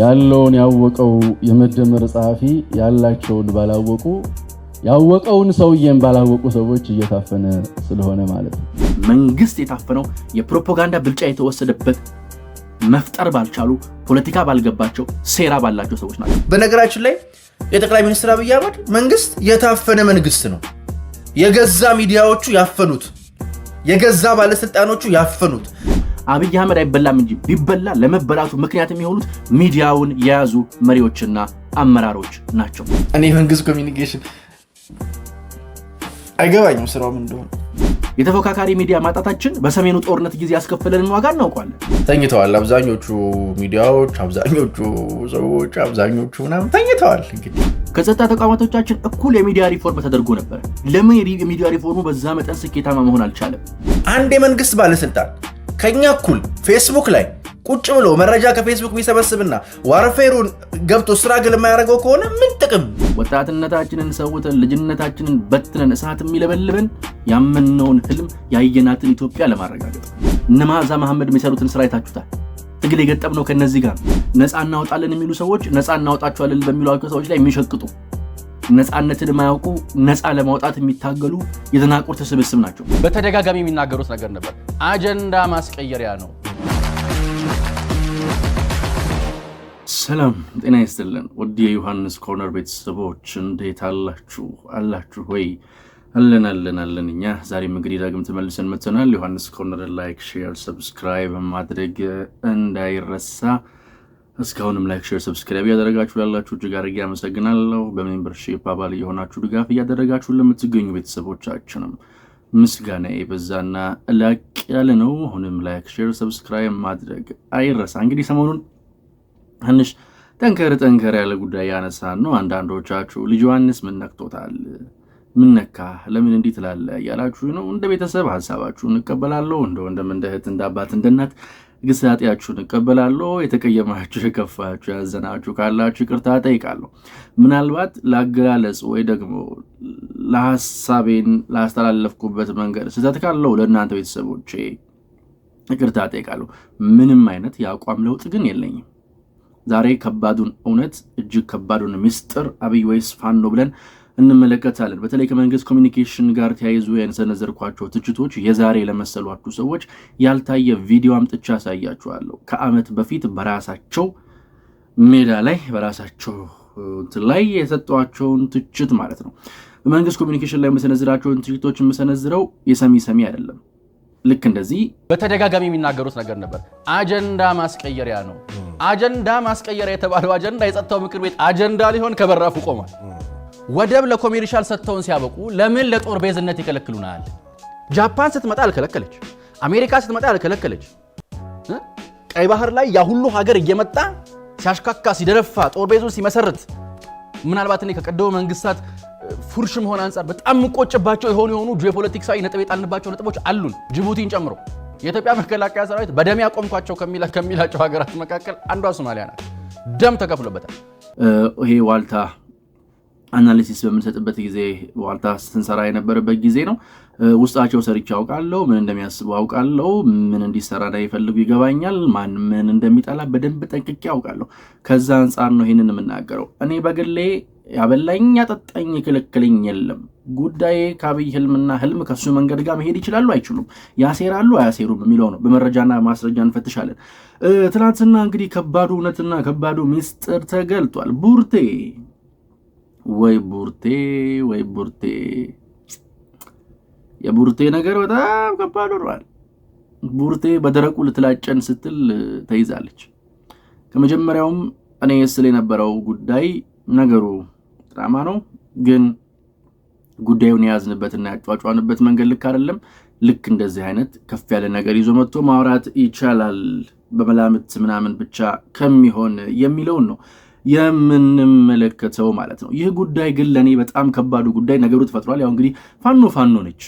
ያለውን ያወቀው የመደመር ጸሐፊ ያላቸውን ባላወቁ ያወቀውን ሰውዬን ባላወቁ ሰዎች እየታፈነ ስለሆነ ማለት ነው። መንግስት የታፈነው የፕሮፓጋንዳ ብልጫ የተወሰደበት መፍጠር ባልቻሉ ፖለቲካ ባልገባቸው ሴራ ባላቸው ሰዎች ናቸው። በነገራችን ላይ የጠቅላይ ሚኒስትር አብይ አህመድ መንግስት የታፈነ መንግስት ነው። የገዛ ሚዲያዎቹ ያፈኑት፣ የገዛ ባለስልጣኖቹ ያፈኑት አብይ አህመድ አይበላም እንጂ ቢበላ ለመበላቱ ምክንያት የሚሆኑት ሚዲያውን የያዙ መሪዎችና አመራሮች ናቸው። እኔ መንግስት ኮሚኒኬሽን አይገባኝም ስራውም እንደሆነ የተፎካካሪ ሚዲያ ማጣታችን በሰሜኑ ጦርነት ጊዜ ያስከፈለንን ዋጋ እናውቋለን። ተኝተዋል። አብዛኞቹ ሚዲያዎች፣ አብዛኞቹ ሰዎች፣ አብዛኞቹ ምናምን ተኝተዋል። እንግዲህ ከጸጥታ ተቋማቶቻችን እኩል የሚዲያ ሪፎርም ተደርጎ ነበር። ለምን የሚዲያ ሪፎርሙ በዛ መጠን ስኬታማ መሆን አልቻለም? አንድ የመንግስት ባለስልጣን ከኛ እኩል ፌስቡክ ላይ ቁጭ ብሎ መረጃ ከፌስቡክ ቢሰበስብና ዋርፌሩን ገብቶ ስራ ግል የማያደርገው ከሆነ ምን ጥቅም? ወጣትነታችንን ሰውተን ልጅነታችንን በትነን እሳት የሚለበልበን ያመንነውን ህልም ያየናትን ኢትዮጵያ ለማረጋገጥ እነማዛ መሐመድ የሚሰሩትን ስራ ይታችሁታል። ትግል የገጠምነው ከነዚህ ጋር ነፃ እናወጣለን የሚሉ ሰዎች ነፃ እናወጣችኋለን በሚሏቸው ሰዎች ላይ የሚሸቅጡ ነፃነትን የማያውቁ ነፃ ለማውጣት የሚታገሉ የተናቁር ስብስብ ናቸው። በተደጋጋሚ የሚናገሩት ነገር ነበር አጀንዳ ማስቀየሪያ ነው። ሰላም ጤና ይስጥልን ውድ የዮሐንስ ኮርነር ቤተሰቦች እንዴት አላችሁ? አላችሁ ወይ? አለን አለን አለን። እኛ ዛሬም እንግዲህ ዳግም ተመልሰን መጥተናል። ዮሐንስ ኮርነር ላይክ፣ ሼር፣ ሰብስክራይብ ማድረግ እንዳይረሳ። እስካሁንም ላይክ፣ ሼር፣ ሰብስክራይብ እያደረጋችሁ ላላችሁ እጅግ አድርጌ አመሰግናለሁ። በሜምበርሺፕ አባል የሆናችሁ ድጋፍ እያደረጋችሁ ለምትገኙ ቤተሰቦቻችንም ምስጋና የበዛና ላቅ ያለ ነው። አሁንም ላይክ፣ ሼር፣ ሰብስክራይብ ማድረግ አይረሳ። እንግዲህ ሰሞኑን ትንሽ ጠንከር ጠንከር ያለ ጉዳይ ያነሳን ነው። አንዳንዶቻችሁ ልጅ ዮሐንስ ምን ነክቶታል? ምን ነካ? ለምን እንዲህ ትላለህ? እያላችሁ ነው። እንደ ቤተሰብ ሀሳባችሁን እቀበላለሁ። እንደ ወንድም፣ እንደ እህት፣ እንደ አባት፣ እንደ እናት ግን ኃጢአታችሁን እቀበላለሁ፣ የተቀየማችሁ፣ የከፋችሁ፣ ያዘናችሁ ካላችሁ ይቅርታ እጠይቃለሁ። ምናልባት ለአገላለጽ ወይ ደግሞ ለሀሳቤን ላስተላለፍኩበት መንገድ ስህተት ካለው ለእናንተ ቤተሰቦቼ ይቅርታ እጠይቃለሁ። ምንም አይነት የአቋም ለውጥ ግን የለኝም። ዛሬ ከባዱን እውነት እጅግ ከባዱን ምስጢር አብይ ወይስ ፋኖ ብለን እንመለከታለን። በተለይ ከመንግስት ኮሚኒኬሽን ጋር ተያይዞ ያንሰነዘርኳቸው ትችቶች የዛሬ ለመሰሏችሁ ሰዎች ያልታየ ቪዲዮ አምጥቼ አሳያችኋለሁ። ከዓመት በፊት በራሳቸው ሜዳ ላይ በራሳቸው እንትን ላይ የሰጧቸውን ትችት ማለት ነው። በመንግስት ኮሚኒኬሽን ላይ የምሰነዝራቸውን ትችቶች የምሰነዝረው የሰሚ ሰሚ አይደለም። ልክ እንደዚህ በተደጋጋሚ የሚናገሩት ነገር ነበር። አጀንዳ ማስቀየሪያ ነው። አጀንዳ ማስቀየሪያ የተባለው አጀንዳ የጸጥታው ምክር ቤት አጀንዳ ሊሆን ከበራፉ ቆሟል። ወደብ ለኮሜርሻል ሰጥተውን ሲያበቁ ለምን ለጦር ቤዝነት ይከለክሉናል? ጃፓን ስትመጣ አልከለከለች፣ አሜሪካ ስትመጣ አልከለከለች። ቀይ ባህር ላይ ያ ሁሉ ሀገር እየመጣ ሲያሽካካ ሲደረፋ ጦር ቤዙን ሲመሰርት ምናልባት እኔ ከቀደሙ መንግስታት ፉርሽ መሆን አንጻር በጣም ቆጭባቸው የሆኑ የሆኑ ጂኦፖለቲክሳዊ ነጥብ የጣልንባቸው ነጥቦች አሉን ጅቡቲን ጨምሮ የኢትዮጵያ መከላከያ ሰራዊት በደም ያቆምኳቸው ከሚላቸው ሀገራት መካከል አንዷ ሶማሊያ ናት። ደም ተከፍሎበታል። ይሄ ዋልታ አናሊሲስ በምንሰጥበት ጊዜ ዋልታ ስንሰራ የነበረበት ጊዜ ነው። ውስጣቸው ሰርቼ አውቃለሁ። ምን እንደሚያስቡ አውቃለሁ። ምን እንዲሰራ እንዳይፈልጉ ይገባኛል። ማን ምን እንደሚጠላ በደንብ ጠንቅቄ አውቃለሁ። ከዛ አንጻር ነው ይህንን የምናገረው። እኔ በግሌ ያበላኝ ጠጣኝ ክልክልኝ የለም። ጉዳዬ ከአብይ ህልምና ህልም ከሱ መንገድ ጋር መሄድ ይችላሉ አይችሉም፣ ያሴራሉ አያሴሩም የሚለው ነው። በመረጃና ማስረጃ እንፈትሻለን። ትናንትና እንግዲህ ከባዱ እውነትና ከባዱ ሚስጥር ተገልጧል። ቡርቴ ወይ ቡርቴ ወይ ቡርቴ የቡርቴ ነገር በጣም ከባድ ሆኗል። ቡርቴ በደረቁ ልትላጨን ስትል ተይዛለች። ከመጀመሪያውም እኔ ስል የነበረው ጉዳይ ነገሩ ድራማ ነው፣ ግን ጉዳዩን የያዝንበትና ያጫጫንበት መንገድ ልክ አይደለም። ልክ እንደዚህ አይነት ከፍ ያለ ነገር ይዞ መጥቶ ማውራት ይቻላል፣ በመላምት ምናምን ብቻ ከሚሆን የሚለውን ነው የምንመለከተው ማለት ነው። ይህ ጉዳይ ግን ለእኔ በጣም ከባዱ ጉዳይ ነገሩ ተፈጥሯል። ያው እንግዲህ ፋኖ ፋኖ ነች።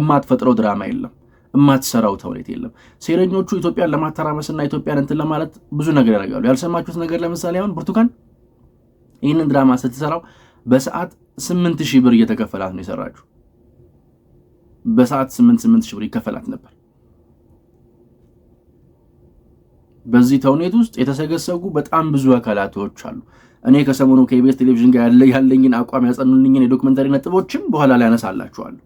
እማትፈጥረው ድራማ የለም እማትሰራው ተውኔት የለም። ሴረኞቹ ኢትዮጵያን ለማተራመስና ኢትዮጵያን እንትን ለማለት ብዙ ነገር ያደርጋሉ። ያልሰማችሁት ነገር ለምሳሌ አሁን ብርቱካን ይህንን ድራማ ስትሰራው በሰዓት ስምንት ሺህ ብር እየተከፈላት ነው የሰራችሁ። በሰዓት ስምንት ስምንት ሺህ ብር ይከፈላት ነበር። በዚህ ተውኔት ውስጥ የተሰገሰጉ በጣም ብዙ አካላቶች አሉ። እኔ ከሰሞኑ ከኢቢኤስ ቴሌቪዥን ጋር ያለኝን አቋም ያጸኑልኝን የዶክመንታሪ ነጥቦችም በኋላ ላይ አነሳላችኋለሁ።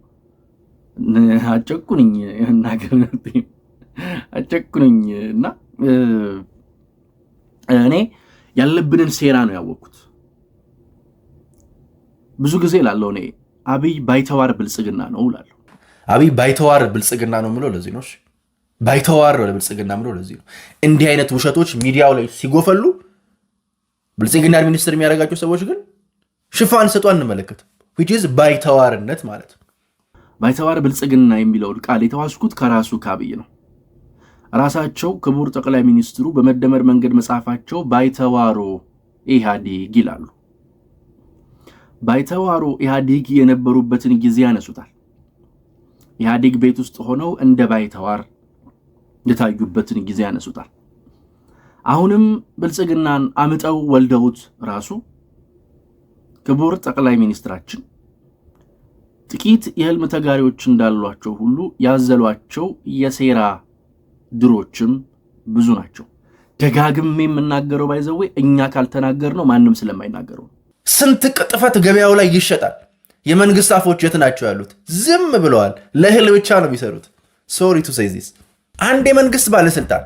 አጨቁንኝ እናገር አጨቁንኝ እና እኔ ያለብንን ሴራ ነው ያወቅኩት። ብዙ ጊዜ ላለው እኔ አብይ ባይተዋር ብልጽግና ነው ላለሁ አብይ ባይተዋር ብልጽግና ነው የምለው ለዚህ ነው። ባይተዋር ነው ለብልጽግና ምለው። ለዚህ ነው እንዲህ አይነት ውሸቶች ሚዲያው ላይ ሲጎፈሉ ብልጽግና ሚኒስትር የሚያደርጋቸው ሰዎች ግን ሽፋን ሰጡ አንመለከትም። ዝ ባይተዋርነት ማለት ነው። ባይተዋር ብልጽግና የሚለውን ቃል የተዋስኩት ከራሱ ከአብይ ነው። ራሳቸው ክቡር ጠቅላይ ሚኒስትሩ በመደመር መንገድ መጽሐፋቸው ባይተዋሮ ኢህአዴግ ይላሉ። ባይተዋሮ ኢህአዴግ የነበሩበትን ጊዜ ያነሱታል። ኢህአዴግ ቤት ውስጥ ሆነው እንደ ባይተዋር የታዩበትን ጊዜ ያነሱታል። አሁንም ብልጽግናን አምጠው ወልደውት ራሱ ክቡር ጠቅላይ ሚኒስትራችን ጥቂት የህልም ተጋሪዎች እንዳሏቸው ሁሉ ያዘሏቸው የሴራ ድሮችም ብዙ ናቸው። ደጋግም የምናገረው ባይዘዌ እኛ ካልተናገር ነው ማንም ስለማይናገረው ስንት ቅጥፈት ገበያው ላይ ይሸጣል። የመንግስት አፎች የት ናቸው ያሉት? ዝም ብለዋል። ለእህል ብቻ ነው የሚሰሩት። ሶሪ ቱ ሴይ ዚስ አንድ የመንግስት ባለስልጣን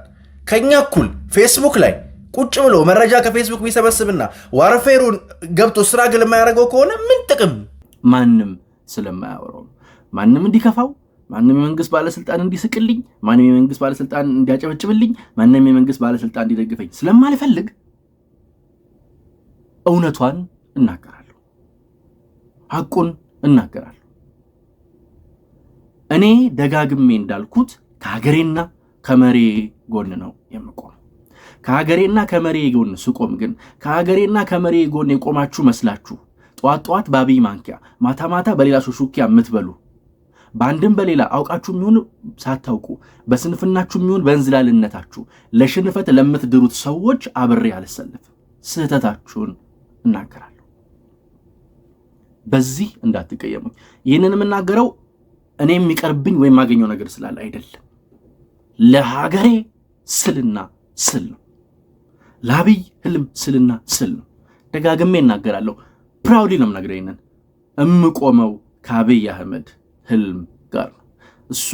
ከኛ እኩል ፌስቡክ ላይ ቁጭ ብሎ መረጃ ከፌስቡክ ቢሰበስብና ዋርፌሩን ገብቶ ስራ ግል የማያደርገው ከሆነ ምን ጥቅም? ማንም ስለማያወረው ማንም እንዲከፋው ማንም የመንግስት ባለስልጣን እንዲስቅልኝ፣ ማንም የመንግስት ባለስልጣን እንዲያጨበጭብልኝ፣ ማንም የመንግስት ባለስልጣን እንዲደግፈኝ ስለማልፈልግ እውነቷን እናገራለሁ፣ ሐቁን እናገራለሁ። እኔ ደጋግሜ እንዳልኩት ከሀገሬና ከመሬ ጎን ነው የምቆመው። ከሀገሬና ከመሬ ጎን ስቆም ግን ከሀገሬና ከመሬ ጎን የቆማችሁ መስላችሁ ጠዋት ጠዋት በአብይ ማንኪያ፣ ማታ ማታ በሌላ ሹሹኪያ የምትበሉ በአንድም በሌላ አውቃችሁ የሚሆን ሳታውቁ በስንፍናችሁ የሚሆን በእንዝላልነታችሁ ለሽንፈት ለምትድሩት ሰዎች አብሬ አልሰለፍም። ስህተታችሁን እናገራለሁ። በዚህ እንዳትቀየሙኝ። ይህንን የምናገረው እኔ የሚቀርብኝ ወይም የማገኘው ነገር ስላለ አይደለም። ለሀገሬ ስልና ስል ነው። ለአብይ ህልም ስልና ስል ነው። ደጋግሜ እናገራለሁ። ፕራውዲ ነው የምነግረው እምቆመው ከአብይ አህመድ ህልም ጋር ነው። እሱ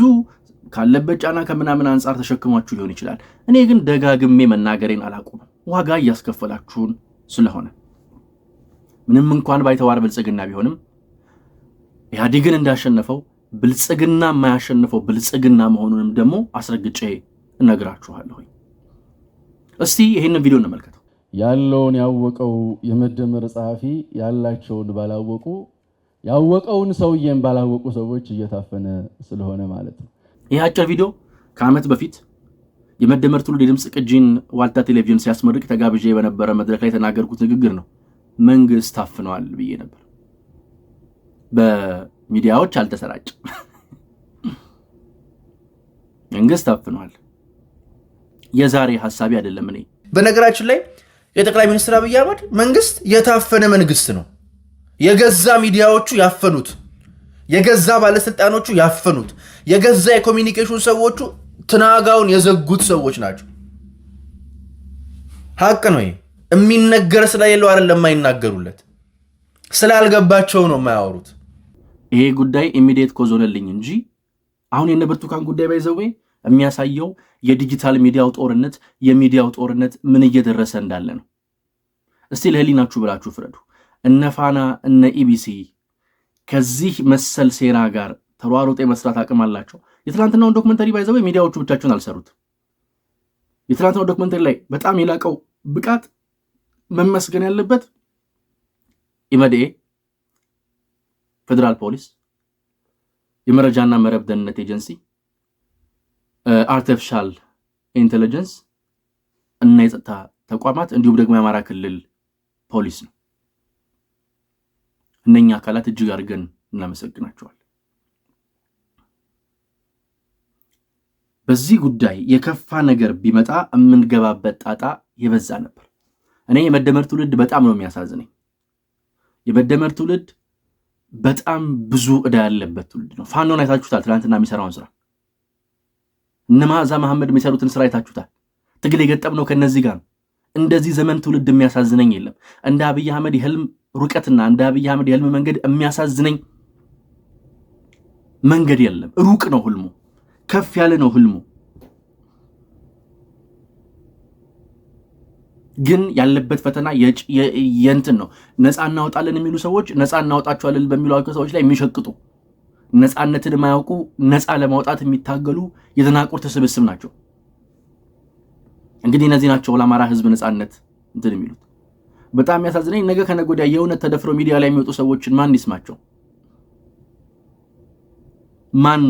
ካለበት ጫና ከምናምን አንጻር ተሸክሟችሁ ሊሆን ይችላል። እኔ ግን ደጋግሜ መናገሬን አላቆምም። ዋጋ እያስከፈላችሁን ስለሆነ ምንም እንኳን ባይተዋር ብልጽግና ቢሆንም ኢህአዴግን እንዳሸነፈው ብልጽግና የማያሸንፈው ብልጽግና መሆኑንም ደግሞ አስረግጬ እነግራችኋለሁኝ። እስቲ ይህንን ቪዲዮ እንመልከተው። ያለውን ያወቀው የመደመር ጸሐፊ ያላቸውን ባላወቁ ያወቀውን ሰውዬን ባላወቁ ሰዎች እየታፈነ ስለሆነ ማለት ነው። ይህ አጭር ቪዲዮ ከዓመት በፊት የመደመር ትውልድ የድምፅ ቅጂን ዋልታ ቴሌቪዥን ሲያስመርቅ ተጋብዤ በነበረ መድረክ ላይ የተናገርኩት ንግግር ነው። መንግስት ታፍነዋል ብዬ ነበር። ሚዲያዎች አልተሰራጭም። መንግስት ታፍኗል። የዛሬ ሀሳቢ አይደለም። እኔ በነገራችን ላይ የጠቅላይ ሚኒስትር አብይ አህመድ መንግስት የታፈነ መንግስት ነው። የገዛ ሚዲያዎቹ ያፈኑት፣ የገዛ ባለስልጣኖቹ ያፈኑት፣ የገዛ የኮሚኒኬሽን ሰዎቹ ትናጋውን የዘጉት ሰዎች ናቸው። ሀቅ ነው። የሚነገር ስለሌለው አይደለም የማይናገሩለት፣ ስላልገባቸው ነው የማያወሩት። ይሄ ጉዳይ ኢሚዲየት ኮዝ ሆነልኝ እንጂ አሁን የነ ብርቱካን ጉዳይ ባይዘዌ የሚያሳየው የዲጂታል ሚዲያው ጦርነት የሚዲያው ጦርነት ምን እየደረሰ እንዳለ ነው። እስቲ ለህሊናችሁ ብላችሁ ፍረዱ። እነ ፋና እነ ኢቢሲ ከዚህ መሰል ሴራ ጋር ተሯሩጦ የመስራት አቅም አላቸው። የትናንትናውን ዶክመንተሪ ባይዘዌ ሚዲያዎቹ ብቻቸውን አልሰሩት። የትናንትናው ዶክመንተሪ ላይ በጣም የላቀው ብቃት መመስገን ያለበት ኢመድኤ ፌዴራል ፖሊስ፣ የመረጃና መረብ ደህንነት ኤጀንሲ፣ አርቲፊሻል ኢንቴሊጀንስ እና የጸጥታ ተቋማት እንዲሁም ደግሞ የአማራ ክልል ፖሊስ ነው። እነኛ አካላት እጅግ አድርገን እናመሰግናቸዋል። በዚህ ጉዳይ የከፋ ነገር ቢመጣ የምንገባበት ጣጣ የበዛ ነበር። እኔ የመደመር ትውልድ በጣም ነው የሚያሳዝነኝ። የመደመር ትውልድ በጣም ብዙ እዳ ያለበት ትውልድ ነው። ፋኖን አይታችሁታል። ትናንትና የሚሰራውን ስራ እነ መዓዛ መሐመድ የሚሰሩትን ስራ አይታችሁታል። ትግል የገጠምነው ከነዚህ ጋር ነው። እንደዚህ ዘመን ትውልድ የሚያሳዝነኝ የለም። እንደ አብይ አህመድ የህልም ሩቀትና እንደ አብይ አህመድ የህልም መንገድ የሚያሳዝነኝ መንገድ የለም። ሩቅ ነው ህልሙ፣ ከፍ ያለ ነው ህልሙ። ግን ያለበት ፈተና የእንትን ነው። ነፃ እናወጣለን የሚሉ ሰዎች ነፃ እናወጣቸዋለን በሚሏቸው ሰዎች ላይ የሚሸቅጡ ነፃነትን የማያውቁ ነፃ ለማውጣት የሚታገሉ የተናቁርት ስብስብ ናቸው። እንግዲህ እነዚህ ናቸው ለአማራ ህዝብ ነፃነት እንትን የሚሉት። በጣም ያሳዝነኝ ነገ ከነገ ወዲያ የእውነት ተደፍረው ሚዲያ ላይ የሚወጡ ሰዎችን ማን ይስማቸው? ማን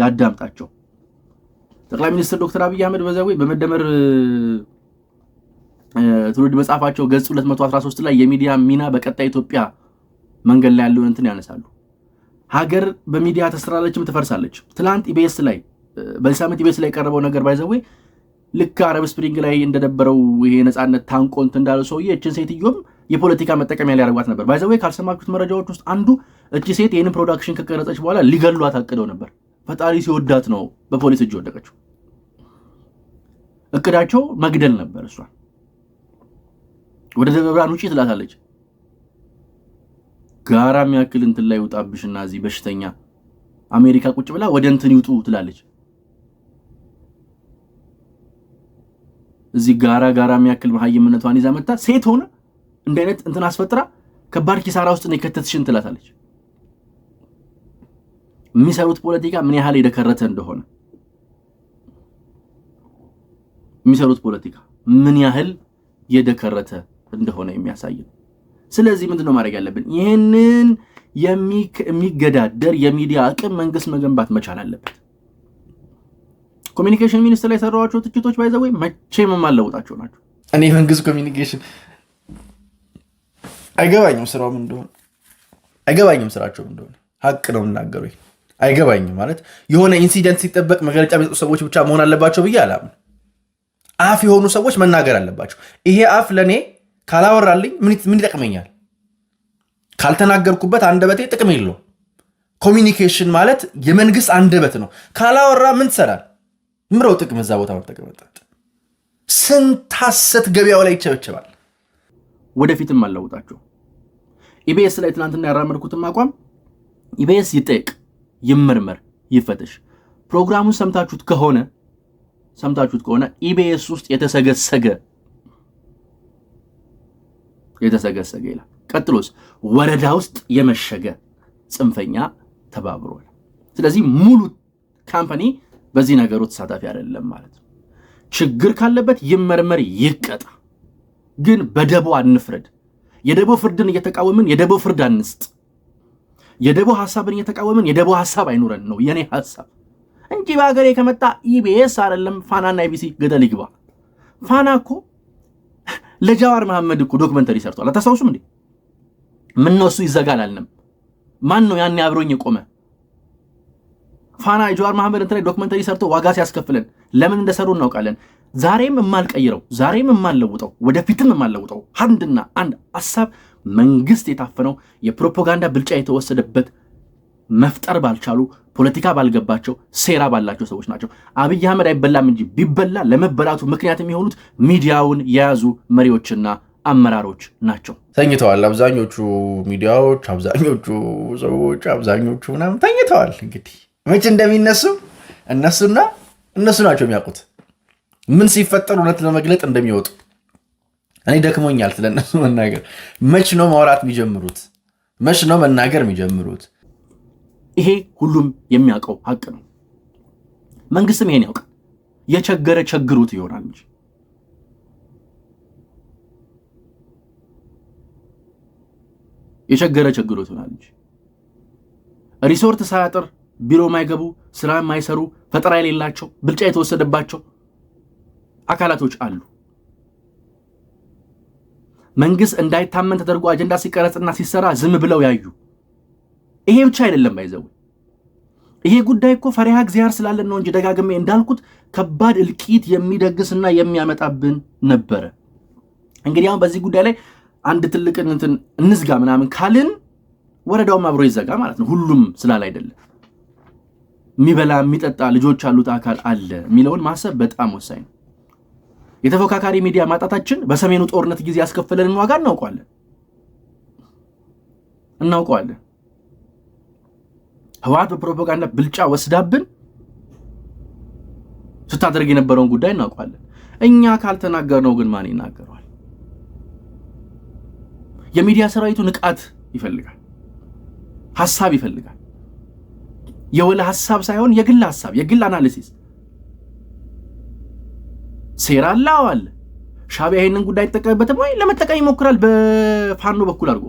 ያዳምጣቸው? ጠቅላይ ሚኒስትር ዶክተር አብይ አህመድ በዛ ወይ በመደመር ትውልድ መጻፋቸው ገጽ 213 ላይ የሚዲያ ሚና በቀጣይ ኢትዮጵያ መንገድ ላይ ያለውን እንትን ያነሳሉ። ሀገር በሚዲያ ተስራለችም ትፈርሳለች። ትላንት ኢቤስ ላይ በዚህ ሳምንት ኢቢኤስ ላይ የቀረበው ነገር ባይዘዌ ልክ አረብ ስፕሪንግ ላይ እንደነበረው ይሄ ነፃነት ታንቆ እንትን እንዳለ ሰውዬ እችን ሴትዮም የፖለቲካ መጠቀሚያ ሊያደርጓት ነበር። ባይዘዌ ካልሰማችሁት መረጃዎች ውስጥ አንዱ እቺ ሴት ይህንን ፕሮዳክሽን ከቀረጸች በኋላ ሊገሏት አቅደው ነበር። ፈጣሪ ሲወዳት ነው በፖሊስ እጅ ወደቀችው። እቅዳቸው መግደል ነበር እሷን ወደ ደብረ ብርሃን ውጪ ትላታለች። ጋራ የሚያክል እንትን ላይ ውጣብሽና እዚህ በሽተኛ አሜሪካ ቁጭ ብላ ወደ እንትን ይውጡ ትላለች። እዚህ ጋራ ጋራ የሚያክል መሀይምነቷን ይዛ መታ ሴት ሆነ እንደ አይነት እንትን አስፈጥራ ከባድ ኪሳራ ውስጥ ነው የከተትሽን ትላታለች። የሚሰሩት ፖለቲካ ምን ያህል የደከረተ እንደሆነ የሚሰሩት ፖለቲካ ምን ያህል የደከረተ እንደሆነ የሚያሳይ ነው። ስለዚህ ምንድን ነው ማድረግ ያለብን? ይህንን የሚገዳደር የሚዲያ አቅም መንግስት መገንባት መቻል አለበት። ኮሚኒኬሽን ሚኒስትር ላይ የሰራኋቸው ትችቶች ባይዘ ወይ መቼ የማለውጣቸው ናቸው። እኔ መንግስት ኮሚኒኬሽን አይገባኝም፣ ስራውም እንደሆነ አይገባኝም፣ ስራቸው እንደሆነ ሀቅ ነው የምናገሩ አይገባኝም። ማለት የሆነ ኢንሲደንት ሲጠበቅ መግለጫ የሚሰጡ ሰዎች ብቻ መሆን አለባቸው ብዬ አላምን። አፍ የሆኑ ሰዎች መናገር አለባቸው። ይሄ አፍ ለእኔ ካላወራልኝ ምን ይጠቅመኛል? ካልተናገርኩበት አንደበቴ ጥቅም የለው። ኮሚኒኬሽን ማለት የመንግስት አንደበት ነው። ካላወራ ምን ትሰራል? ምረው ጥቅም እዛ ቦታ መጠቀመጠጥ ስንት ሐሰት ገበያው ላይ ይቸበቸባል። ወደፊትም አላውጣቸው። ኢቢኤስ ላይ ትናንትና ያራመድኩትም አቋም ኢቢኤስ ይጠየቅ፣ ይመርመር፣ ይፈተሽ። ፕሮግራሙን ሰምታችሁት ከሆነ ሰምታችሁት ከሆነ ኢቢኤስ ውስጥ የተሰገሰገ የተሰገሰገ ይላል። ቀጥሎስ ወረዳ ውስጥ የመሸገ ጽንፈኛ ተባብሯል። ስለዚህ ሙሉ ካምፓኒ በዚህ ነገሩ ተሳታፊ አይደለም ማለት ነው። ችግር ካለበት ይመርመር፣ ይቀጣ። ግን በደቦ አንፍረድ። የደቦ ፍርድን እየተቃወምን የደቦ ፍርድ አንስጥ። የደቦ ሀሳብን እየተቃወምን የደቦ ሀሳብ አይኑረን ነው የኔ ሀሳብ እንጂ በሀገሬ ከመጣ ኢቢኤስ አይደለም ፋናና ኢቢሲ ገደል ይግባ። ፋና እኮ ለጃዋር መሐመድ እኮ ዶክመንተሪ ሰርቷል። አታስታውሱም እንዴ? ምን ነው እሱ ይዘጋል አልንም። ማን ነው ያኔ አብሮኝ የቆመ? ፋና የጃዋር መሐመድ እንትን ላይ ዶክመንተሪ ሰርቶ ዋጋ ሲያስከፍለን ለምን እንደሰሩ እናውቃለን። ዛሬም የማልቀይረው ዛሬም የማልለውጠው ወደፊትም የማልለውጠው አንድና አንድ ሀሳብ መንግስት የታፈነው የፕሮፓጋንዳ ብልጫ የተወሰደበት መፍጠር ባልቻሉ ፖለቲካ ባልገባቸው ሴራ ባላቸው ሰዎች ናቸው። አብይ አህመድ አይበላም እንጂ ቢበላ ለመበላቱ ምክንያት የሚሆኑት ሚዲያውን የያዙ መሪዎችና አመራሮች ናቸው። ተኝተዋል። አብዛኞቹ ሚዲያዎች፣ አብዛኞቹ ሰዎች፣ አብዛኞቹ ምናምን ተኝተዋል። እንግዲህ መቼ እንደሚነሱ እነሱና እነሱ ናቸው የሚያውቁት ምን ሲፈጠር እውነት ለመግለጥ እንደሚወጡ። እኔ ደክሞኛል ስለነሱ መናገር። መች ነው ማውራት የሚጀምሩት? መች ነው መናገር የሚጀምሩት? ይሄ ሁሉም የሚያውቀው ሀቅ ነው። መንግስትም ይሄን ያውቃል። የቸገረ ቸግሩት ይሆናል እንጂ የቸገረ ቸግሮት ይሆናል እንጂ ሪሶርት ሳያጥር ቢሮ ማይገቡ ስራ ማይሰሩ ፈጠራ የሌላቸው ብልጫ የተወሰደባቸው አካላቶች አሉ። መንግስት እንዳይታመን ተደርጎ አጀንዳ ሲቀረጽና ሲሰራ ዝም ብለው ያዩ ይሄ ብቻ አይደለም ባይዘው ይሄ ጉዳይ እኮ ፈሪሃ እግዚአብሔር ስላለን ነው እንጂ ደጋግሜ እንዳልኩት ከባድ እልቂት የሚደግስና የሚያመጣብን ነበረ። እንግዲህ አሁን በዚህ ጉዳይ ላይ አንድ ትልቅ እንትን እንዝጋ ምናምን ካልን ወረዳውም አብሮ ይዘጋ ማለት ነው። ሁሉም ስላል አይደለም የሚበላ የሚጠጣ ልጆች ያሉት አካል አለ የሚለውን ማሰብ በጣም ወሳኝ ነው። የተፎካካሪ ሚዲያ ማጣታችን በሰሜኑ ጦርነት ጊዜ ያስከፈለንን ዋጋ እናውቀዋለን እናውቀዋለን። ህወሓት በፕሮፓጋንዳ ብልጫ ወስዳብን ስታደርግ የነበረውን ጉዳይ እናውቋለን። እኛ ካልተናገርነው ግን ማን ይናገረዋል? የሚዲያ ሰራዊቱ ንቃት ይፈልጋል፣ ሀሳብ ይፈልጋል። የወለ ሀሳብ ሳይሆን የግል ሀሳብ፣ የግል አናሊሲስ። ሴራ አለ፣ አዎ ሻቢያ ይህንን ጉዳይ ይጠቀምበትም ወይ ለመጠቀም ይሞክራል፣ በፋኖ በኩል አድርጎ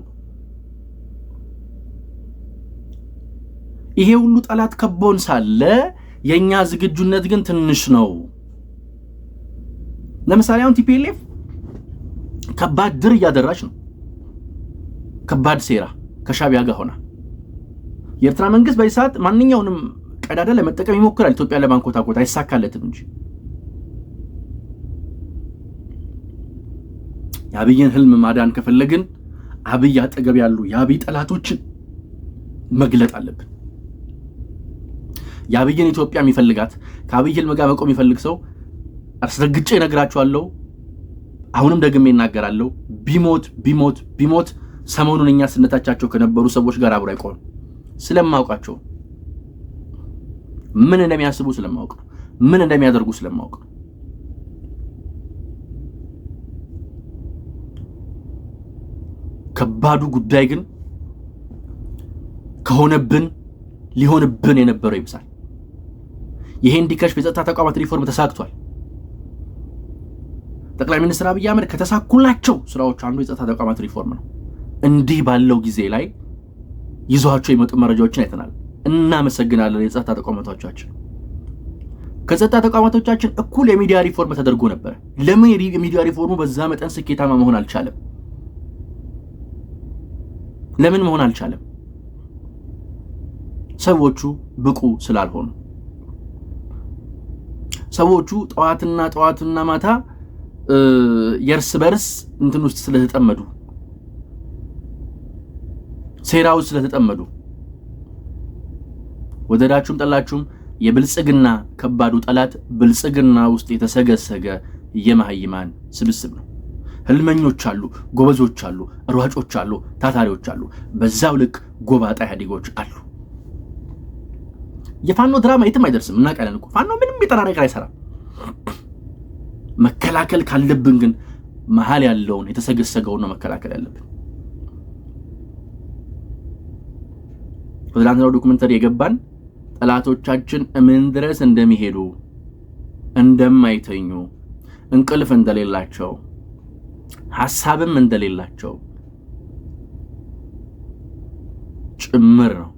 ይሄ ሁሉ ጠላት ከቦን ሳለ የእኛ ዝግጁነት ግን ትንሽ ነው። ለምሳሌ አሁን ቲፒኤልኤፍ ከባድ ድር እያደራች ነው። ከባድ ሴራ ከሻቢያ ጋር ሆና የኤርትራ መንግስት በዚህ ሰዓት ማንኛውንም ቀዳዳ ለመጠቀም ይሞክራል። ኢትዮጵያ ለማንኮታኮት አይሳካለትም እንጂ የአብይን ህልም ማዳን ከፈለግን አብይ አጠገብ ያሉ የአብይ ጠላቶችን መግለጥ አለብን። የአብይን ኢትዮጵያ የሚፈልጋት ከአብይ ህልም ጋር መቆም የሚፈልግ ሰው አስረግጬ እነግራችኋለሁ። አሁንም ደግሜ እናገራለሁ። ቢሞት ቢሞት ቢሞት ሰሞኑን እኛ ስነታቻቸው ከነበሩ ሰዎች ጋር አብሮ አይቆም። ስለማውቃቸው ምን እንደሚያስቡ ስለማውቅ ምን እንደሚያደርጉ ስለማውቅ ከባዱ ጉዳይ ግን ከሆነብን ሊሆንብን የነበረው ይብሳል። ይሄ እንዲከሽፍ የጸጥታ ተቋማት ሪፎርም ተሳክቷል። ጠቅላይ ሚኒስትር አብይ አህመድ ከተሳኩላቸው ስራዎች አንዱ የጸጥታ ተቋማት ሪፎርም ነው። እንዲህ ባለው ጊዜ ላይ ይዟቸው የመጡ መረጃዎችን አይተናል። እናመሰግናለን የጸጥታ ተቋማቶቻችን። ከጸጥታ ተቋማቶቻችን እኩል የሚዲያ ሪፎርም ተደርጎ ነበር። ለምን የሚዲያ ሪፎርሙ በዛ መጠን ስኬታማ መሆን አልቻለም? ለምን መሆን አልቻለም? ሰዎቹ ብቁ ስላልሆኑ ሰዎቹ ጠዋትና ጠዋትና ማታ የእርስ በርስ እንትን ውስጥ ስለተጠመዱ ሴራ ውስጥ ስለተጠመዱ ወደዳችሁም ጠላችሁም የብልጽግና ከባዱ ጠላት ብልጽግና ውስጥ የተሰገሰገ የመሃይማን ስብስብ ነው። ህልመኞች አሉ፣ ጎበዞች አሉ፣ ሯጮች አሉ፣ ታታሪዎች አሉ። በዛው ልክ ጎባጣ ኢህአዴጎች አሉ። የፋኖ ድራማ የትም አይደርስም። እናውቃለን እኮ ፋኖ ምንም የጠራ ነገር አይሰራም። መከላከል ካለብን ግን መሀል ያለውን የተሰገሰገውን ነው መከላከል ያለብን። በትላንትናው ዶኩመንተሪ የገባን ጠላቶቻችን ምን ድረስ እንደሚሄዱ እንደማይተኙ፣ እንቅልፍ እንደሌላቸው፣ ሀሳብም እንደሌላቸው ጭምር ነው።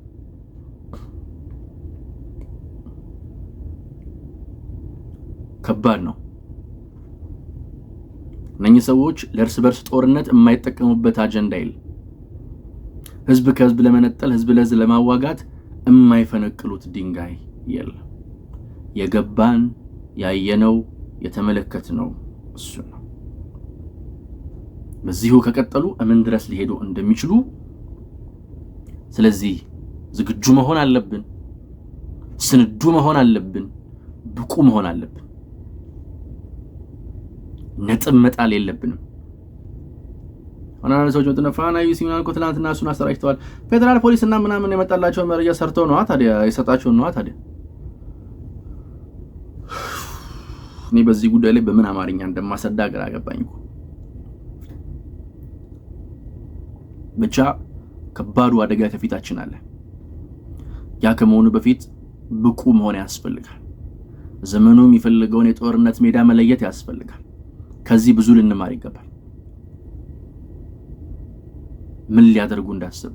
ከባድ ነው። እነኚህ ሰዎች ለእርስ በርስ ጦርነት የማይጠቀሙበት አጀንዳ የለም። ህዝብ ከህዝብ ለመነጠል፣ ህዝብ ለህዝብ ለማዋጋት የማይፈነቅሉት ድንጋይ የለም። የገባን ያየነው የተመለከትነው እሱ ነው። በዚሁ ከቀጠሉ እምን ድረስ ሊሄዱ እንደሚችሉ ስለዚህ ዝግጁ መሆን አለብን። ስንዱ መሆን አለብን። ብቁ መሆን አለብን። ነጥብ መጣል የለብንም። ሆናን ሰዎች ወጥነ ፋና ዩሲ ምናል እኮ ትናንትና እሱን አሰራጭተዋል። ፌዴራል ፖሊስ እና ምናምን የመጣላቸውን መረጃ ሰርተው ነዋ ታዲያ የሰጣቸውን ነዋ ታዲያ። እኔ በዚህ ጉዳይ ላይ በምን አማርኛ እንደማሰዳ ግራ ገባኝ። ብቻ ከባዱ አደጋ ከፊታችን አለ። ያ ከመሆኑ በፊት ብቁ መሆን ያስፈልጋል። ዘመኑ የሚፈልገውን የጦርነት ሜዳ መለየት ያስፈልጋል። ከዚህ ብዙ ልንማር ይገባል። ምን ሊያደርጉ እንዳስቡ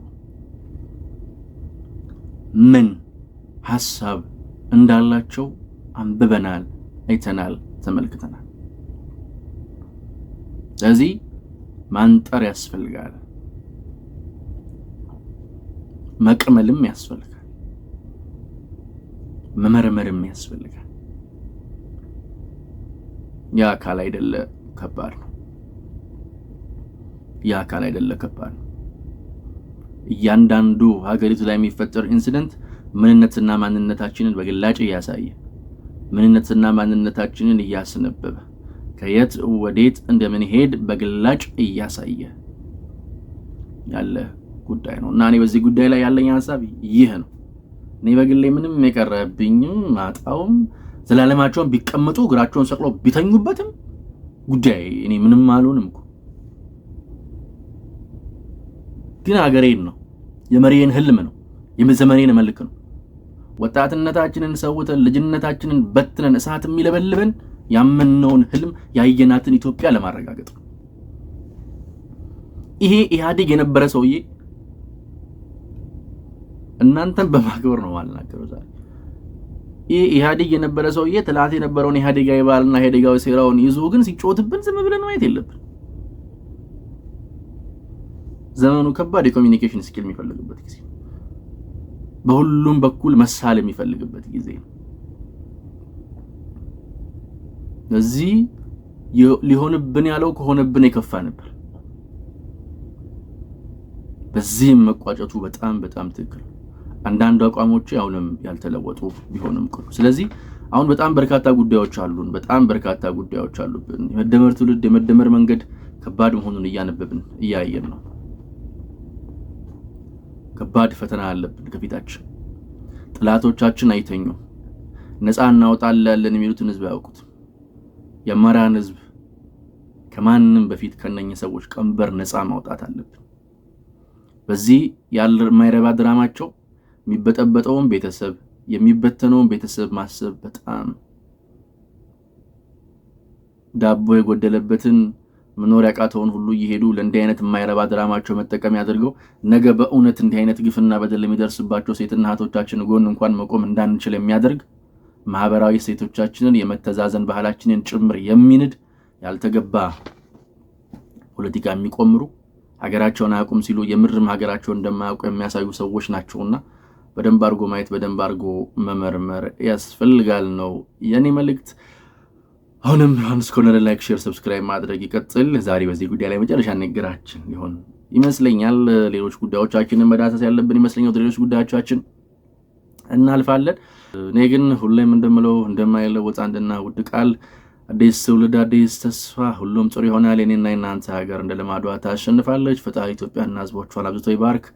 ምን ሀሳብ እንዳላቸው አንብበናል፣ አይተናል፣ ተመልክተናል። ስለዚህ ማንጠር ያስፈልጋል፣ መቅመልም ያስፈልጋል፣ መመርመርም ያስፈልጋል። ያ አካል አይደለም? ከባድ ነው። ይህ አካል አይደለ ከባድ ነው። እያንዳንዱ ሀገሪቱ ላይ የሚፈጠር ኢንሲደንት ምንነትና ማንነታችንን በግላጭ እያሳየ ምንነትና ማንነታችንን እያስነበበ ከየት ወዴት እንደምንሄድ በግላጭ እያሳየ ያለ ጉዳይ ነው እና እኔ በዚህ ጉዳይ ላይ ያለኝ ሀሳብ ይህ ነው። እኔ በግሌ ምንም የቀረብኝም ማጣውም ዘላለማቸውን ቢቀምጡ እግራቸውን ሰቅለው ቢተኙበትም ጉዳይ እኔ ምንም አልሆንም እኮ ግን አገሬን ነው የመሪዬን ህልም ነው የዘመኔን መልክ ነው። ወጣትነታችንን ሰውተን ልጅነታችንን በትነን እሳት የሚለበልበን ያመንነውን ህልም ያየናትን ኢትዮጵያ ለማረጋገጥ ነው። ይሄ ኢህአዴግ የነበረ ሰውዬ እናንተን በማክበር ነው ማልናገረው ዛሬ ይህ ኢህአዴግ የነበረ ሰውዬ ትላንት የነበረውን ኢህአዴጋዊ ባህልና ኢህአዴጋዊ ሴራውን ይዞ ግን ሲጮትብን ዝም ብለን ማየት የለብን። ዘመኑ ከባድ የኮሚኒኬሽን ስኪል የሚፈልግበት ጊዜ፣ በሁሉም በኩል መሳል የሚፈልግበት ጊዜ ነው። እዚህ ሊሆንብን ያለው ከሆነብን የከፋ ነበር። በዚህም መቋጨቱ በጣም በጣም ትክክል አንዳንድ አቋሞቹ አሁንም ያልተለወጡ ቢሆንም ቅሉ ስለዚህ አሁን በጣም በርካታ ጉዳዮች አሉን። በጣም በርካታ ጉዳዮች አሉብን። የመደመር ትውልድ የመደመር መንገድ ከባድ መሆኑን እያነበብን እያየን ነው። ከባድ ፈተና አለብን ከፊታችን። ጥላቶቻችን አይተኙም። ነፃ እናወጣላለን የሚሉትን ህዝብ አያውቁት። የአማራን ህዝብ ከማንም በፊት ከነኝ ሰዎች ቀንበር ነፃ ማውጣት አለብን። በዚህ የማይረባ ድራማቸው የሚበጠበጠውን ቤተሰብ የሚበተነውን ቤተሰብ ማሰብ በጣም ዳቦ የጎደለበትን መኖር ያቃተውን ሁሉ እየሄዱ ለእንዲህ አይነት የማይረባ ድራማቸው መጠቀም ያድርገው። ነገ በእውነት እንዲህ አይነት ግፍና በደል የሚደርስባቸው ሴትና እህቶቻችን ጎን እንኳን መቆም እንዳንችል የሚያደርግ ማህበራዊ ሴቶቻችንን የመተዛዘን ባህላችንን ጭምር የሚንድ ያልተገባ ፖለቲካ የሚቆምሩ ሀገራቸውን አያውቁም ሲሉ የምርም ሀገራቸውን እንደማያውቁ የሚያሳዩ ሰዎች ናቸውና በደንብ አድርጎ ማየት፣ በደንብ አድርጎ መመርመር ያስፈልጋል ነው የኔ መልእክት። አሁንም ዮሐንስ ኮርነርን ላይክ፣ ሼር፣ ሰብስክራይብ ማድረግ ይቀጥል። ዛሬ በዚህ ጉዳይ ላይ መጨረሻ ንግግራችን ሊሆን ይመስለኛል። ሌሎች ጉዳዮቻችንን መዳሰስ ያለብን ይመስለኛል። ሌሎች ጉዳዮቻችን እናልፋለን። እኔ ግን ሁሌም እንደምለው እንደማይለወጥ አንድና ውድ ቃል አዲስ ትውልድ አዲስ ተስፋ፣ ሁሉም ጥሩ ይሆናል። የኔና የናንተ ሀገር እንደ ልማዷ ታሸንፋለች። ፈጣሪ ኢትዮጵያና ሕዝቦቿን አብዝቶ ይባርክ።